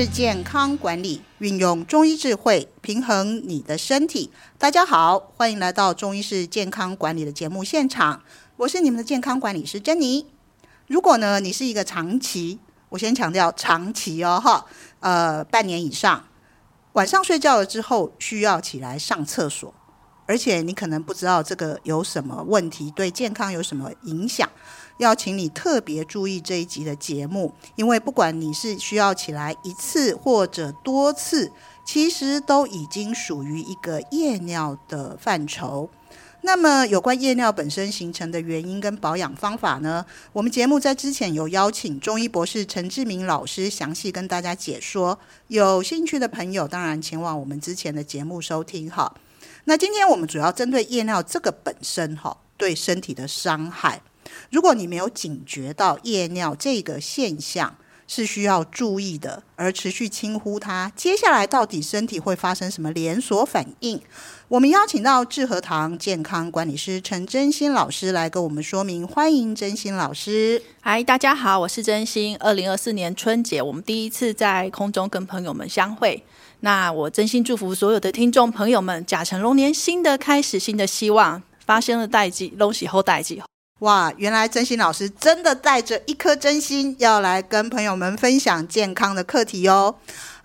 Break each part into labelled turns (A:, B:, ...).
A: 是健康管理，運用中醫智慧平衡你的身體。大家好，歡迎來到中醫式健康管理的節目現場，我是你們的健康管理師珍妮。如果呢，你是一個長期，我先強調長期哦，哈，呃，半年以上，晚上睡覺了之後需要起來上廁所，而且你可能不知道這個有什麼問題，對健康有什麼影響。要請你特別注意這一集的節目，因為不管你是需要起來一次或者多次，其實都已經屬於一個夜尿的範疇。那麼，有關夜尿本身形成的原因跟保養方法呢，我們節目在之前有邀請中醫博士陳志明老師詳細跟大家解說。有興趣的朋友，當然前往我們之前的節目收聽哈。那今天我們主要針對夜尿這個本身哈，對身體的傷害。如果你沒有警覺到夜尿這個現象是需要注意的，而持續輕忽它，接下來到底身體會發生什麼連鎖反應？我們邀請到智和堂健康管理師陳真心老師來跟我們說明。歡迎真心老師！嗨，大家好，我是真心。二零二四年春節，我們第一次在空
B: 中跟朋友們相會。那我真心祝福所有的聽眾朋友們，甲辰龍年新
A: 的開始，新的希望，發生了代誌，攏係好代誌。哇，原來真心老師真的帶着一顆真心要來跟朋友們分享健康的課題哦。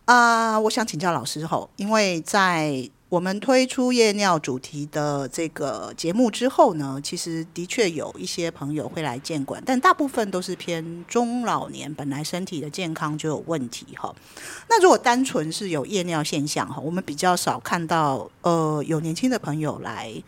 A: 啊、呃，我想請教老師吼，因為在我們推出夜尿主題的這個節目之後呢，其實的確有一些朋友會來健管，但大部分都是偏中老年，本來身體的健康就有問題哈。那如果單純是有夜尿現象哈，我們比較少看到呃有年輕的朋友來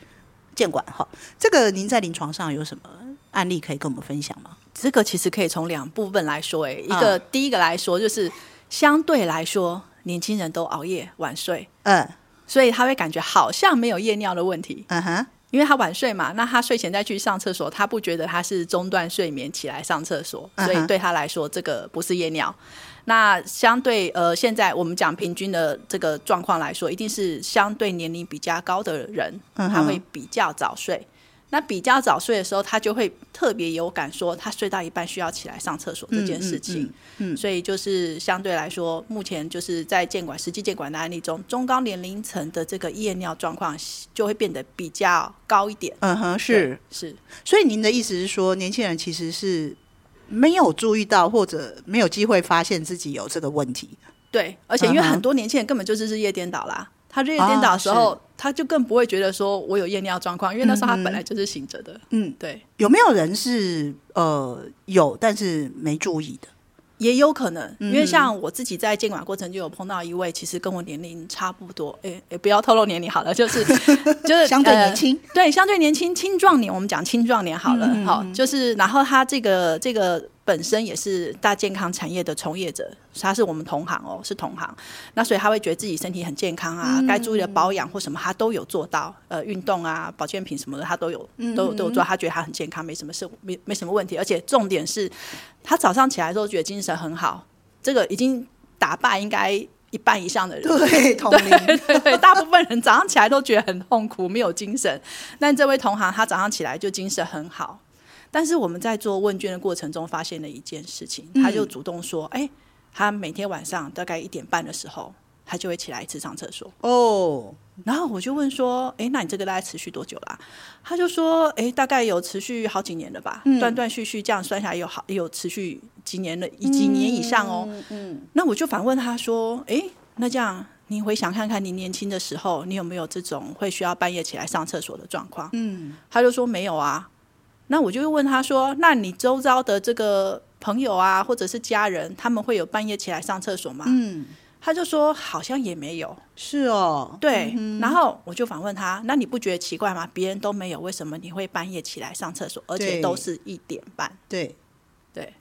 A: 健管哈。這個您在臨床上有什麼？案例可以跟我們分
B: 享嗎？這個其實可以從兩部分來說，欸，誒，一個、嗯、第一個來說，就是相對來說，年輕人都熬夜晚睡，
A: 嗯，
B: 所以他會感覺好像沒有夜尿的問題，嗯
A: 哼，
B: 因為他晚睡嘛，那他睡前再去上廁所，他不覺得他是中斷睡眠起來上廁所，所以對他來說，這個不是夜尿。嗯哼，那相對呃，現在我們講平均的這個狀況來說，一定是相對年齡比較高的人，嗯哼，他會比較早睡。那比較早睡的時候，他就會特別有感說，說他睡到一半需要起來上廁所這件事情。嗯，嗯，嗯。所以就是相對來說，目前就是在健管實際健管的案例中，中高年齡層的這個夜尿狀況就
A: 會變得比較高一點。嗯哼，是是。所以您的意思是說，年輕人其實是沒有注意到或者沒有機會發現自己有這個問題？
B: 對，而且因為很多年輕人根本就是日夜顛倒啦，他日夜顛倒的時候。哦。他就更不會覺得說我有夜尿狀況，因為那時候他本來就是醒着的。嗯，對
A: 嗯。有沒有人是呃有但是沒注意的？
B: 也有可能，嗯、因為像我自己在監管過程就有碰到一位，其實跟我年齡差不多，哎、欸，也、欸、不要透露年齡好了，就是
A: 就是相對年輕、
B: 呃，對，相對年輕青壯年，我們講青壯年好了，嗯嗯，好，就是然後他這個這個。本身也是大健康產業的從業者，他是我們同行哦、喔，是同行。那所以他會覺得自己身體很健康啊，該、嗯嗯、注意的保養或什麼他都有做到。呃，運動啊，保健品什麼的他都有，都有都有做。他覺得他很健康，沒什麼事，沒沒什麼問題。而且重點是他早上起來都覺得精神很好。這個已經打敗應該一半以上的人。對，同名對，對，對，大部分人早上起來都覺得很痛苦，沒有精神。但這位同行他早上起來就精神很好。但是我們在做問卷的過程中，發現了一件事情，他就主動說：“哎、嗯欸，他每天晚上大概一點半的時候，他就會起來一次上廁所。”哦，然後我就問說：“哎、欸，那你這個大概持續多久了、啊？”他就說：“哎、欸，大概有持續好幾年了吧，斷斷、嗯、續續這樣算下來，有好也有持續幾年的，幾年以上哦。嗯”嗯、那我就反問他說：“哎、欸，那這樣你回想看看，你年輕的時候，你有沒有這種會需要半夜起來上廁所的狀況？”嗯、他就說：“沒有啊。”那我就問他說：“那你周遭的這個朋友啊，或者是家人，他們會有半夜起來上廁所嗎？”嗯，他就說好像也沒有。是哦，對。嗯哼，然後我就反問他：“那你不覺得奇怪嗎？別人都沒有，為什麼你會半夜起來上廁所？而且都是一點半？”
A: 對，對，對。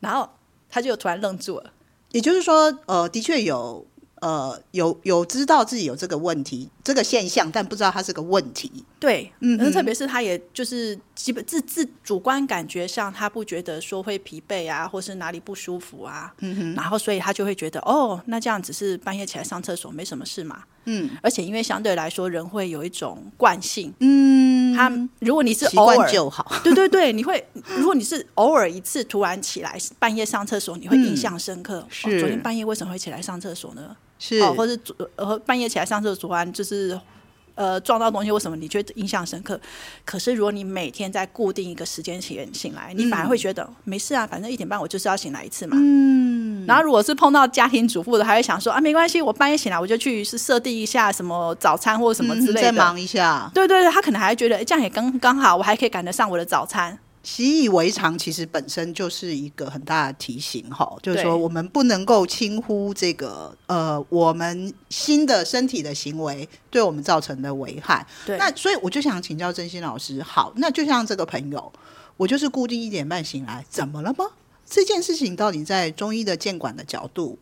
A: 然後他就突然愣住了。也就是說，呃，的確有。呃，有有知道自己有這個問題，這個現象，但不知道它是個問題。
B: 對，嗯哼，特別是他也就是基本自自主觀感覺上，他不覺得說會疲憊啊，或是哪裡不舒服啊。嗯
A: 哼。然後，所以他就會覺
B: 得，哦，那這樣只是半夜起來上廁所沒什麼事嘛。嗯。而且，因為相對來說，人會有一種慣性。嗯。他如果你是偶爾，習慣就好 對對對，你會如果你是偶爾一次突然起來半夜上廁所，你會印象深刻。嗯、是、哦。昨天半夜為什麼會起來上廁所呢？是，哦、或者呃半夜起來上廁所完，就是呃撞到東西，為什麼你卻印象深刻？可是如果你每天在固定一個時間起醒來，你反而會覺得、嗯、沒事啊，反正一點半我就是要醒來一次嘛。嗯。然後如果是碰到家庭主婦的，還會想說啊沒關係，我半夜醒來我就去是設定一下什麼早餐或什麼之類的，嗯、再忙一下。對對對，他可能還會覺得哎這樣也剛剛好，我還可以趕得上我的早餐。
A: 習以為常其實本身就是一個很大的提醒吼，就是說我們不能夠輕忽這個對呃，我們新的身體的行為對我們造成的危害。對那所以我就想請教真心老師，好，那就像這個朋友，我就是固定一點半醒來，怎麼了嗎？這件事情到底在中醫的監管的角度，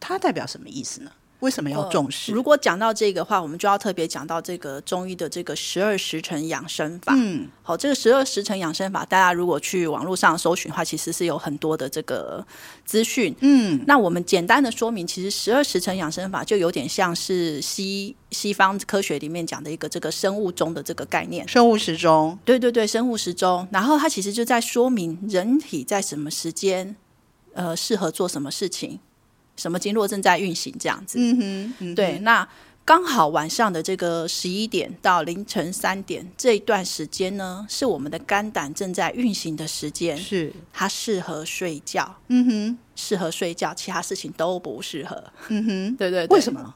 A: 它代表什麼意思呢？為什麼要重視？呃，如果講到這個話，我們就要特別講到這個中醫
B: 的這個十二時辰養生法。嗯，好，哦，這個十二時辰養生法，大家如果去網絡上搜尋的話，其實是有很多的這個資訊。嗯，那我們簡單的說明，其實十二時辰養生法就有點像是西西方科學裡面講的一個這個生物鐘的這個概念，生物時鐘。對對對，生物時鐘。然後它其實就在說明人體在什麼時間，呃，適合做什麼事情。什麼經絡正在運行？這樣子，嗯，
A: 嗯對。
B: 那剛好晚上的這個十一點到凌晨三點這一段時間呢，是我們的肝膽正在運行的時間，是它適合睡覺，嗯
A: 哼，
B: 適合睡覺，其他事情都不適合，嗯對，對對。為什麼呢？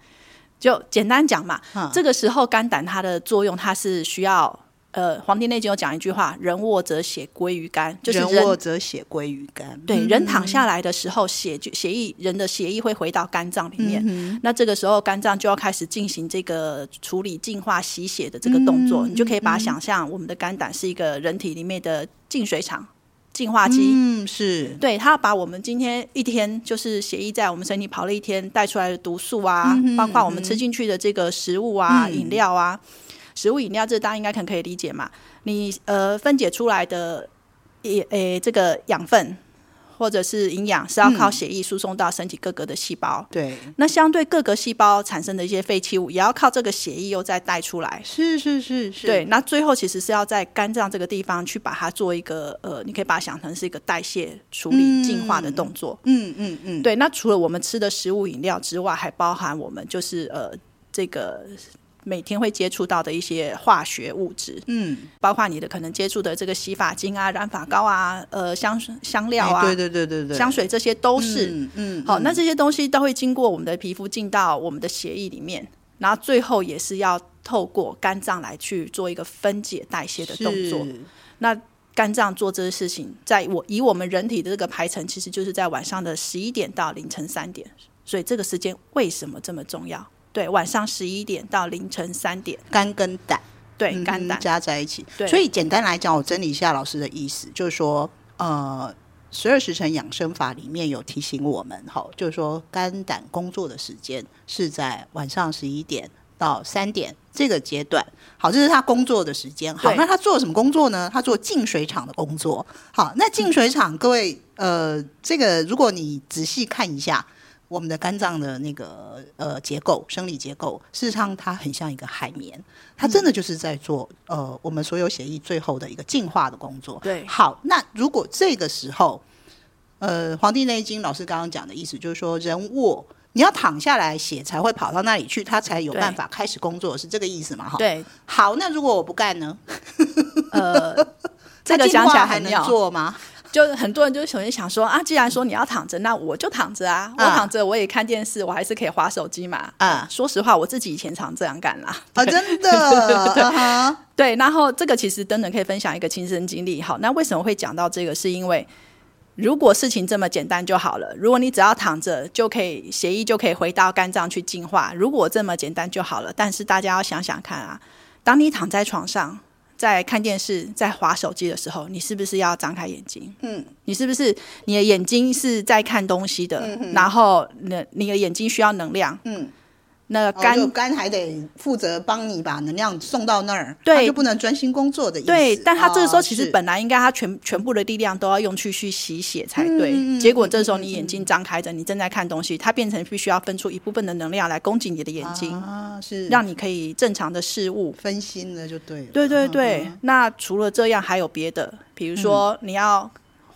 B: 就簡單講嘛，嗯、這個時候肝膽它的作用，它是需要。呃，《黃帝內經》有講一句話：“人臥則血歸於肝。”就是人，人臥則
A: 血歸於肝。對，嗯、人躺下
B: 來的時候，血血液人的血液會回到肝臟
A: 裡面。嗯、哼
B: 那這個時候，肝臟就要開始進行這個處理、淨化、洗血的這個動作。嗯、你就可以把它想象，我們的肝膽是一個人體裡面的淨水廠、淨化機。嗯，是。對，他把我們今天一天就是血液在我們身體跑了一天帶出來的毒素啊，嗯、哼包括我們吃進去的這個食物啊、嗯、飲料啊。食物飲料，這大家應該很可以理解嘛？你呃分解出來的，也、欸、誒、欸，這個養分或者是營養，是要靠血液輸送到身體各個的細胞。嗯、對。那相對各個細胞產生的一些廢棄物，也要靠這個血液又再帶出來。是是
A: 是是。對，那
B: 最後其實是要在肝臟這個地方去把它做一個呃，你可以把它想成是一個代謝處理、淨化的動作。嗯嗯嗯。
A: 嗯嗯嗯
B: 對，那除了我們吃的食物飲料之外，還包含我們就是呃這個。每天會接觸到的一些化學物質，嗯，包括你的可能接觸的這個洗髮精啊、染髮膏啊、呃香香料啊、哎，對對對對對，香水這些都是，嗯，
A: 嗯好，嗯、那這些
B: 東西都會經過我們的皮膚進到我們的血液裡面，然後最後也是要透過肝臟來去做一個分解代謝的動作。是。那肝臟做這個事情，在我，以我們人體的這個排程，其實就是在晚上的十一點到凌晨三點，所以這個時間為什麼這麼重要？對，晚上十一點到凌晨三點，肝跟膽
A: 對肝膽、嗯、加在一起。對所以簡單來講，我整理一下老師的意思，就是說，呃，十二時辰養生法裡面有提醒我們，好，就是說肝膽工作的時間是在晚上十一點到三點這個階段。好，這是他工作的時間。好，對那他做什麼工作呢？他做淨水廠的工作。好，那淨水廠、嗯、各位，呃，這個如果你仔細看一下。我們的肝臟的那個呃結構，生理結構，事實上它很像一個海綿，它真的就是在做、嗯、呃我們所有血液最後的一個淨化的工作。對，好，那如果這個時候，呃，《黃帝內經》老師剛剛講的意思就是說，人臥，你要躺下來血才會跑到那裡去，它才有辦法開始工作，對是這個意思嗎？哈，對。好，那如果我不幹呢？呃，這個講起還能做嗎？
B: 就是很多人就首先想說啊，既然說你要躺着，那我就躺着啊。Uh, 我躺着我也看電視，我還是可以滑手機嘛。啊，uh, 說實話，我自己以前常這樣幹啦。啊，真的。對，然後這個其實等等可以分享一個親身經歷。哈，那為什麼會講到這個？是因為如果事情這麼簡單就好了，如果你只要躺着就可以，血液就可以回到肝臟去淨化，如果這麼簡單就好了。但是大家要想想看啊，當你躺在床上，在看電視、在划手機的時候，你是不是要張開眼睛？嗯，你是不是你的眼睛是在看東西的？嗯哼，然後你，你你的眼睛需要能量。嗯。那
A: 肝肝、哦、還得負責幫你把能量送到那兒，對他就不能專心工作的意思。對，但他這個時候其實
B: 本來應該他全是全部的力量都要用去去洗血才對，嗯、結果這時候你眼睛張開着，嗯、你正在看東西，它變成必須要分出一部分的能量來供給你的眼睛、啊，
A: 是讓
B: 你可以正常的視物。分心
A: 了就對了
B: 對對對，嗯、那除了這樣還有別的，比如說你要。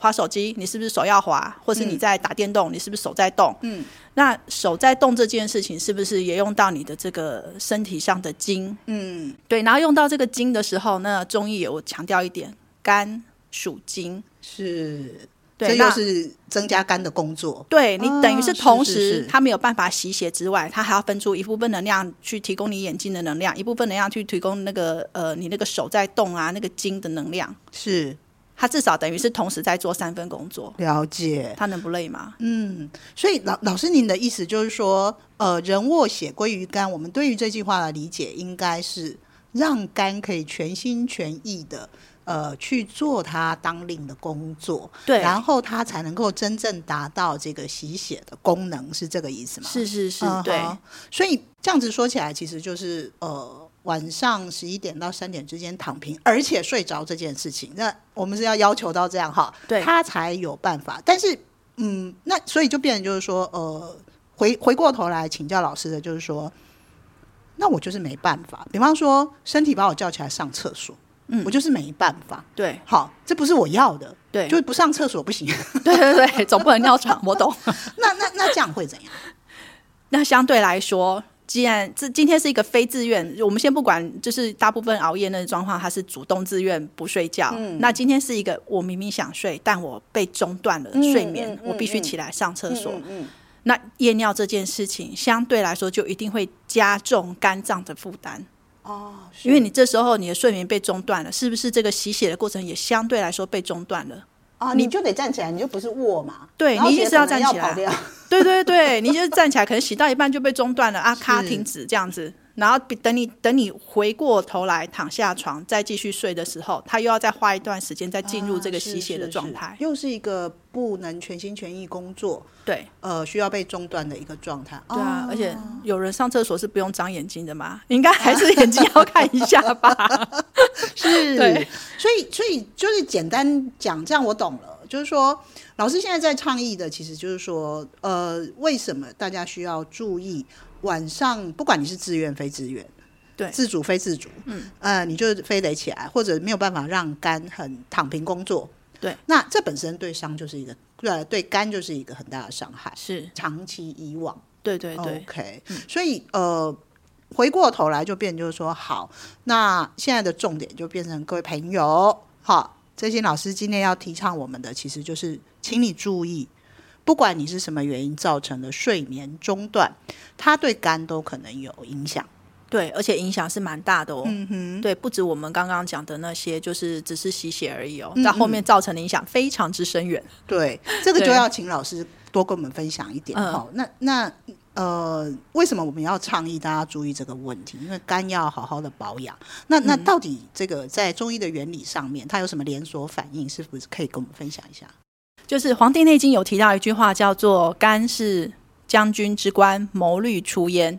B: 滑手機，你是不是手要滑？或是你在打電動，嗯、你是不是手在動？
A: 嗯，
B: 那手在動這件事情，是不是也用到你的這個身體上的筋？嗯，對。然後用到這個筋的時候，那中醫有強調一點，肝屬筋，
A: 是，對這又是那增加肝的工作。對，你等於是同時，
B: 它、啊、沒有辦法洗血之外，它還要分出一部分能量去提供你眼睛的能量，一部分能量去提供那個呃，你那個手在動啊，那個筋的能量是。他至少等於是同時在做
A: 三份工作，了解他能不累嗎？嗯，所以老老師您的意思就是說，呃，人臥血歸於肝，我們對於這句話的理解應該是讓肝可以全心全意的呃去做他當令的工作，對，然後他才能夠真正達到這個洗血的功能，是這個意思嗎？是是是，uh-huh、對。所以這樣子說起來，其實就是呃。晚上十一點到三點之間躺平，而且睡着這件事情，那我們是要要求到這樣哈，對，他才有辦法。但是，嗯，那所以就變成就是說，呃，回回過頭來請教老師的就是說，那我就是沒辦法。比方說，身體把我叫起來上廁所，嗯，我就是沒辦法。對，好，這不是我要的，對，就是不上廁所不行。對對對， 總不能尿床，我懂。 那那那這樣會怎樣？
B: 那相對來說。既然這今天是一個非自願，我們先不管，就是大部分熬夜那狀況，他是主動自願不睡覺。嗯、那今天是一個，我明明想睡，但我被中斷了、嗯、睡眠，嗯嗯、我必須起來上廁所。嗯嗯嗯
A: 嗯、
B: 那夜尿這件事情相對來說就一定會加重肝臟的負擔。哦，因為你這時候你的睡眠被中斷了，是不是這個洗血的過程也相對來說被中斷了？
A: 啊，你就得站起來，你就不是臥嘛。
B: 對，你就是要站起來。對對對， 你就是站起來，可能洗到一半就被中斷了啊，咔是，卡停止這樣子。然後等你等你回過頭來躺下床再繼續睡的時候，他又要再花一段時間再進入這個洗血的狀態、
A: 啊。又是一個不能全心全意工作，對，呃，需要被中斷的一個狀態。對啊，啊而且有人上廁所是不用張眼睛的嘛？應該還是眼睛要看一下吧。 是，對，所以，所以就是簡單講，這樣我懂了。就是說，老師現在在倡議的，其實就是說，呃，為什麼大家需要注意晚上，不管你是自願非自願，對，自主非自主，嗯，呃，你就非得起來，或者沒有辦法讓肝很躺平工作，對，那這本身對傷就是一個，對，對肝就是一個很大的傷害，是，長期以往，對對對，OK，嗯，所以，呃，回過頭來就變成就是說好，那現在的重點就變成各位朋友，好，這些老師今天要提倡我們的其實就是，請你注意，不管你是什麼原因造成的睡眠中斷，它對肝都可能有影響，對，而且影響是蠻大的哦，嗯、哼對，
B: 不止我們剛剛講的那些，就是只是洗血而已哦，嗯、哼在後面造成的影響非常之
A: 深遠，對，這個就要請老師多跟我們分享一點哦，那、嗯、那。那呃，為什麼我們要倡議大家注意這個問題？因為肝要好好的保養。那那到底這個在中醫的原理上面，嗯、它有什麼連鎖反應？是不是可以跟我們分享一下？
B: 就是《黃帝內經》有提到一句話，叫做“肝是將軍之官，
A: 謀慮出焉”。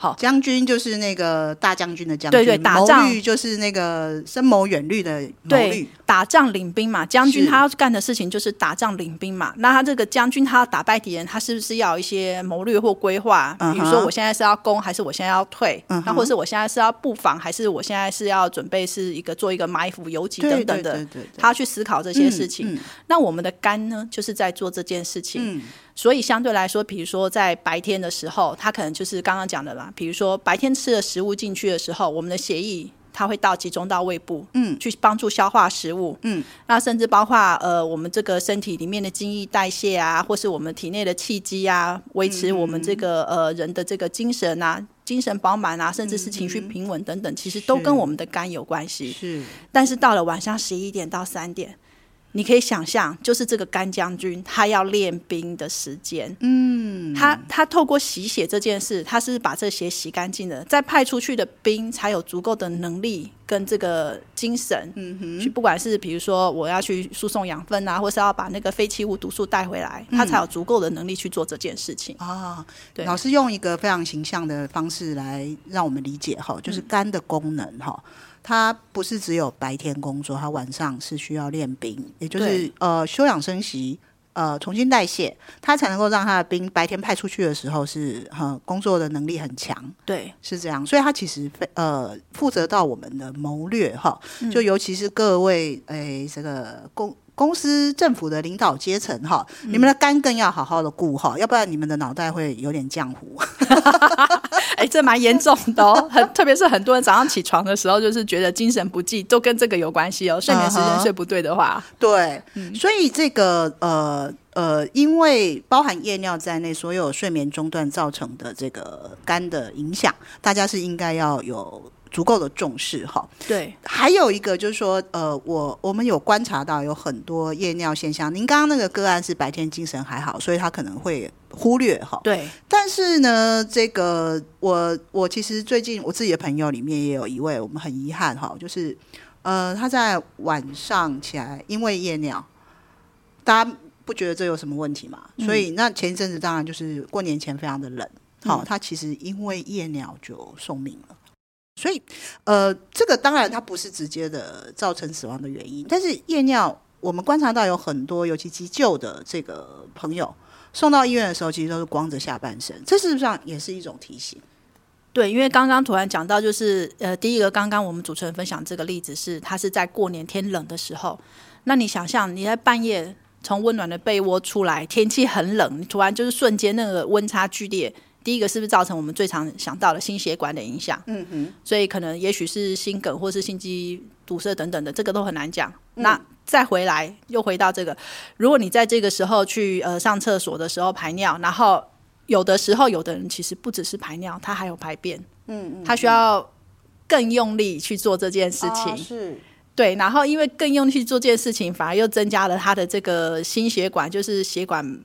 A: 好，將軍就是那個大將軍的將軍，對對，打仗，謀略就是那個深謀遠慮的謀略，對，打仗領兵嘛，將軍他要
B: 幹的事情就是打仗領兵嘛。是那他這個將軍他要打敗敵人，他是不是要一些謀略或規劃？嗯、哼比如說，我現在是要攻還是我現在要退？嗯、哼那或者是我現在是要布防，還是我現在是要準備是一個做一個埋伏游擊等等的？他要去思考這些事情。嗯嗯、那我們的肝呢，就是在做這件事情。嗯所以相對來說，比如說在白天的時候，它可能就是剛剛講的啦。比如說白天吃了食物進去的時候，我們的血液它會到集中到胃部，嗯，去幫助消化食物，嗯。那甚至包括呃，我們這個身體裡面的津液代謝啊，或是我們體內的氣機啊，維持我們這個、嗯、呃人的這個精神啊，精神飽滿啊，甚至是情緒平穩等等，嗯、其實都跟我們的肝有關係。是。是，但是到了晚上十一點到三點。你可以想象，就是這個肝將軍，他要練兵的時間，嗯，他他透過洗血這件事，他是把這血洗乾淨的，再派出去的兵才有足夠的能力跟這個精神，嗯哼，去不管是比如說我要去輸送養分啊，或是要把那個廢棄物毒素帶回來，他、嗯、才有
A: 足夠的能力去做這件事情啊。哦、對，老師用一個非常形象的方式來讓我們理解哈，就是肝的功能哈。嗯哦他不是只有白天工作，他晚上是需要練兵，也就是對呃休養生息，呃重新代謝，他才能夠讓他的兵白天派出去的時候是呃工作的能力很強。對，是這樣，所以他其實非呃負責到我們的謀略哈，嗯、就尤其是各位誒、呃、這個工。公司、政府的領導階層，哈，你們的肝更要好好的顧哈，嗯、要不然你們的腦袋會有點漿糊。哎、 欸，這蠻嚴重，的、哦。很，特別是很多人早上起床的時候，就是
B: 覺得精神不濟， 都跟這個有關係哦。睡眠時間睡不對的話，uh、huh,
A: 對，嗯、所以這個呃呃，因為包含夜尿在內，所有睡眠中斷造成的這個肝的影響，大家是應該要有。足夠的重視哈，哦、對，還有一個就是說，呃，我我們有觀察到有很多夜尿現象。您剛剛那個個案是白天精神還好，所以他可能會忽略哈，哦、對。但是呢，這個我我其實最近我自己的朋友裡面也有一位，我們很遺憾哈、哦，就是呃，他在晚上起來因為夜尿，大家不覺得這有什麼問題嘛？嗯、所以那前一陣子當然就是過年前非常的冷，好、嗯哦，他其實因為夜尿就送命了。所以，呃，這個當然它不是直接的造成死亡的原因，但是夜尿，我們觀察到有很多，尤其急救的這個朋友送到醫院的時候，其實都是光着下半身，這事實上也是一種提醒。對，因為剛剛突
B: 然講到，就是呃，第一個剛剛我們主持人分享這個例子是，他是在過年天冷的時候，那你想象你在半夜從溫暖的被窩出來，天氣很冷，你突然就是瞬間那個溫差劇烈。第一個是不是造成我們最常想到的心血管的影響？嗯哼，所以可能也許是心梗或是心肌堵塞等等的，這個都很難講。嗯，那再回來又回到這個，如果你在這個時候去呃上廁所的時候排尿，然後有的時候有的人其實不只是排尿，他還有排便，嗯
A: 嗯，他需要
B: 更用力去做這件事情，啊，
A: 是，
B: 對，然後因為更用力去做這件事情，反而又增加了他的這個心血管，就是血管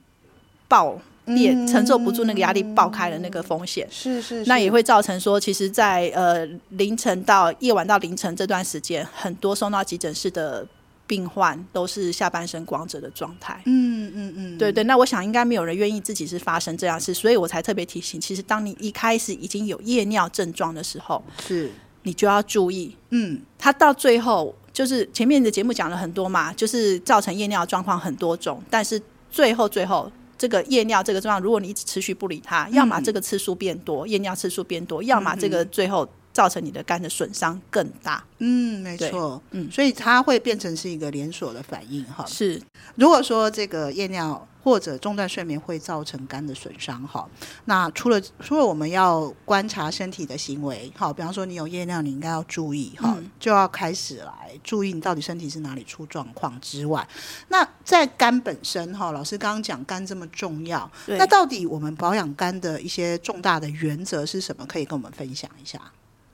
B: 爆。也承受不住那個壓力爆開的那個風險。嗯，是
A: 是，是，那也會
B: 造成說，其實在，在呃凌晨到夜晚到凌晨這段時間，很多送到急診室的病患都是下半身光着的狀態。嗯。嗯嗯嗯，對，對對，那我想應該沒有人願意自己是發生這樣事，所以我才特別提醒，其實當你一開始已經有夜尿症狀的時候，是，你就要注意。嗯，他到最後就是前面的節目講了很多嘛，就是造成夜尿的狀況很多種，但是最後最後。這個夜尿這個狀況，如果你一直持續不理它，嗯、要麼這個次數變多，夜尿次數變多，要麼這個最後。嗯造成你的肝的損傷更大，
A: 嗯，沒錯，嗯，所以它會變成是一個連鎖的反應哈。是，如果說這個夜尿或者中斷睡眠會造成肝的損傷哈，那除了除了我們要觀察身體的行為，好，比方說你有夜尿，你應該要注意哈，就要開始來注意你到底身體是哪裡出狀況之外，那在肝本身哈，老師剛剛講肝這麼重要，對那到底我們保養肝的一些重大的原則是什麼？可以跟我們分享一下？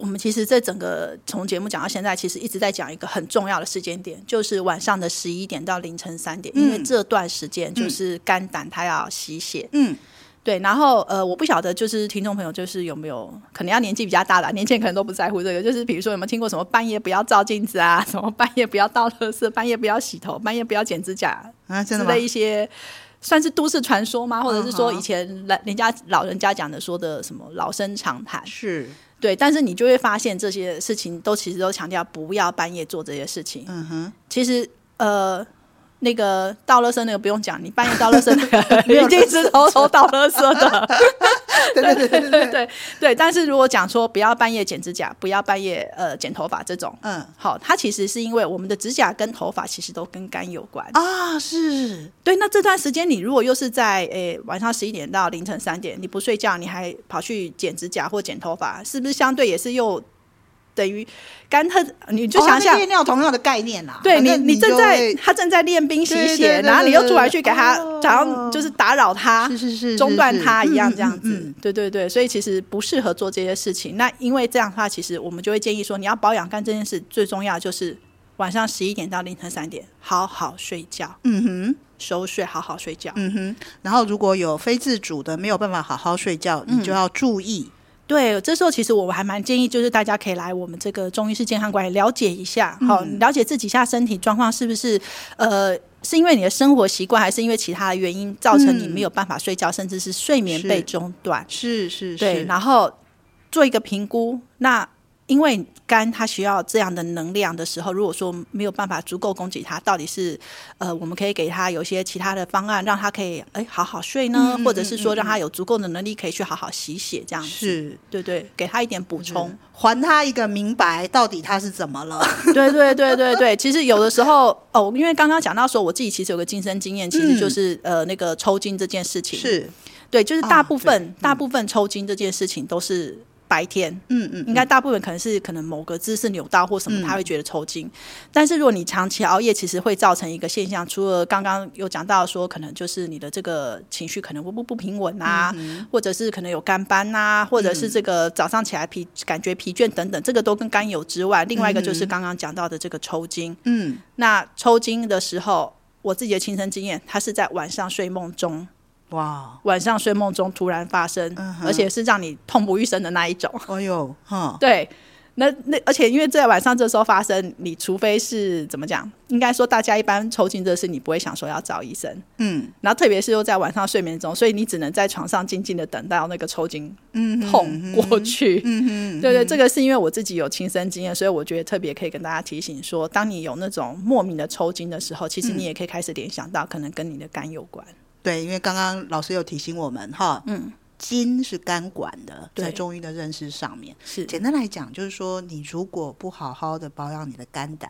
A: 我們其實這整個從節目講
B: 到現在，其實一直在講一個很重要的時間點，就是晚上的十一點到凌晨三點，嗯，因為這段時間就是肝膽它要洗血。嗯，對。然後呃，我不曉得就是聽眾朋友就是有沒有可能要年紀比較大了，年輕人可能都不在乎這個。就是比如說有沒有聽過什麼半夜不要照鏡子啊，什麼半夜不要倒垃圾，半夜不要洗頭，半夜不要剪指甲啊？真的嗎？的一些算是都市傳說嗎？或者是說以前人家老人家講的說的什麼老生常談？是。對，但是你就會發現這些事情都其實都強調不要半夜做這些事情。嗯哼，其實呃，那個倒垃圾那個不用講，你半夜倒垃圾，你一直是偷偷倒垃圾的。 對對對對對，對， 對，但是如果講說不要半夜剪指甲，不要半夜呃剪頭髮這種，嗯，好，它其實是因為我們的指甲跟頭髮其實都跟肝有關啊，
A: 是，
B: 對，那這段時間你如果又是在誒、欸、晚上十一點到凌晨三點你不睡覺，你還跑去剪指甲或剪頭髮，是不是相對也是又？等於肝他，你就想想尿同樣的概念啦。對你，你正在他正在練兵洗血，然後你又出來去給他，然後就是打擾他，是是是，中斷他一樣這樣子。對對對，所以其實不適合做這些事情。那因為這樣的話，其實我們就會建議說，你要保養肝這件事，最重要就是晚上十一點到凌晨三點好好睡覺。嗯
A: 哼，
B: 熟睡，好好睡覺。嗯哼，然後如果有非自主的
A: 沒有辦法好好睡覺，
B: 你就要注意。對，這時候其實我還蠻建議，就是大家可以來我們這個中醫式健康館了解一下，嗯、好，你了解自己下身體狀況是不是，呃，是因為你的生活習慣，還是因為其他的原因，造成你沒有辦法睡覺，嗯、甚至是睡眠被中斷，是，是
A: 是是，對，然
B: 後做一個評估，那因為。肝他需要這樣的能量的時候，如果說沒有辦法足夠供給他，到底是呃，我們可以給他有些其他的方案，讓他可以誒、欸、好好睡呢，嗯嗯嗯，或者是說讓他有足夠的能力可以去好好洗血，這樣子是對，對對，給他一點補充嗯嗯，
A: 還他一個明白到底他是怎麼
B: 了。 對對對對對，其實有的時候哦，因為剛剛講到說，我自己其實有個親身經驗，其實就是、嗯、呃那個抽筋這件事情是，對，就是大部分、啊嗯、大部分抽筋這件事情都是。白天，嗯嗯，嗯應該大部分可能是可能某個姿勢扭到或什麼，他會覺得抽筋。嗯、但是如果你長期熬夜，其實會造成一個現象，除了剛剛有講到說，可能就是你的這個情緒可能會不不平穩啊，嗯、或者是可能有肝斑啊，或者是這個早上起來疲感覺疲倦等等，嗯、這個都跟肝有之外，另外一個就是剛剛講到的這個抽筋。嗯，那抽筋的時候，我自己的親身經驗，它是在晚上睡夢中。哇，wow, 晚上睡夢中突然發生，uh huh. 而且是讓你痛不欲生的那一種。哎呦、uh，哈、huh.， 對，那那而且因為在晚上這時候發生，你除非是怎麼講？應該說大家一般抽筋這事，你不會想說要找醫生。嗯，然後特別是又在晚上睡眠中，所以你只能在床上靜靜的等到那個抽筋痛過去。嗯哼哼，對，對對，這個是因為我自己有親身經驗，所以我覺得特別可以跟大家提醒說，當你有那種莫名的抽筋的時候，其實你也可以開始聯想到可能
A: 跟你的肝有關。嗯對，因為剛剛老師有提醒我們哈，嗯，筋是肝管的，對在中醫的認識上面，是簡單來講，就是說你如果不好好的保養你的肝膽，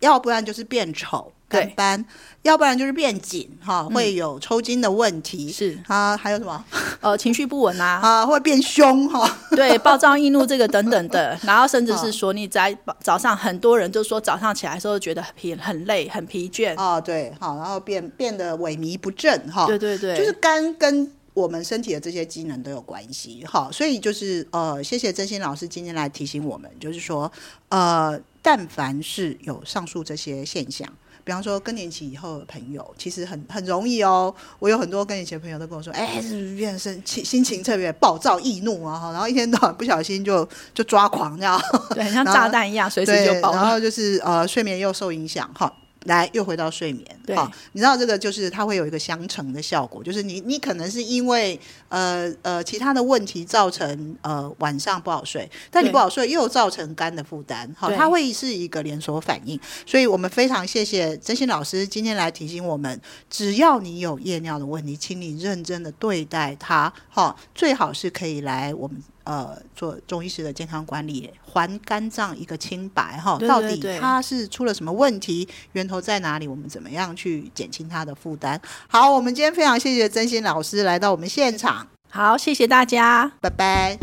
A: 要不然就是變醜。肝對斑，要不然就是變緊哈，哦，嗯、會有抽筋的問題，是啊，還有什麼呃情緒不穩啊啊，會變凶哈，
B: 哦、對，暴躁易怒這個等等的， 然後甚至是說你在早上，很多人就說早上起來的時候覺得很疲很累很疲倦啊、哦，對好，然後變變得
A: 萎靡不振哈，哦、對對對，就是肝跟我們身體的這些機能都有關係哈、哦，所以就是呃，謝謝真心老師今天來提醒我們，就是說呃，但凡是有上述這些現象。比方說更年期以後的朋友，其實很很容易哦、喔。我有很多更年期的朋友都跟我說，哎、欸，是不是變身，心情特別暴躁易怒啊，然後一天到晚不小心就就抓狂，這樣對，很像炸彈一樣，隨 後時就爆。然後就是呃，睡眠又受影響哈。來，又回到睡眠。好對、哦，你知道這個就是它會有一個相乘的效果，就是你你可能是因為呃呃其他的問題造成呃晚上不好睡，但你不好睡又造成肝的負擔，好對、哦，它會是一個連鎖反應。對所以我們非常謝謝真心老師今天來提醒我們，只要你有夜尿的問題，請你認真的對待它，好、哦，最好是可以來我們。呃，做中醫師的健康管理，還肝臟一個清白哈！對對對，到底他是出了什麼問題，源頭在哪裡？我們怎麼樣去減輕他的負擔？好，我們今天非常謝謝真心老師來到我們現場。好，謝謝大家，拜拜。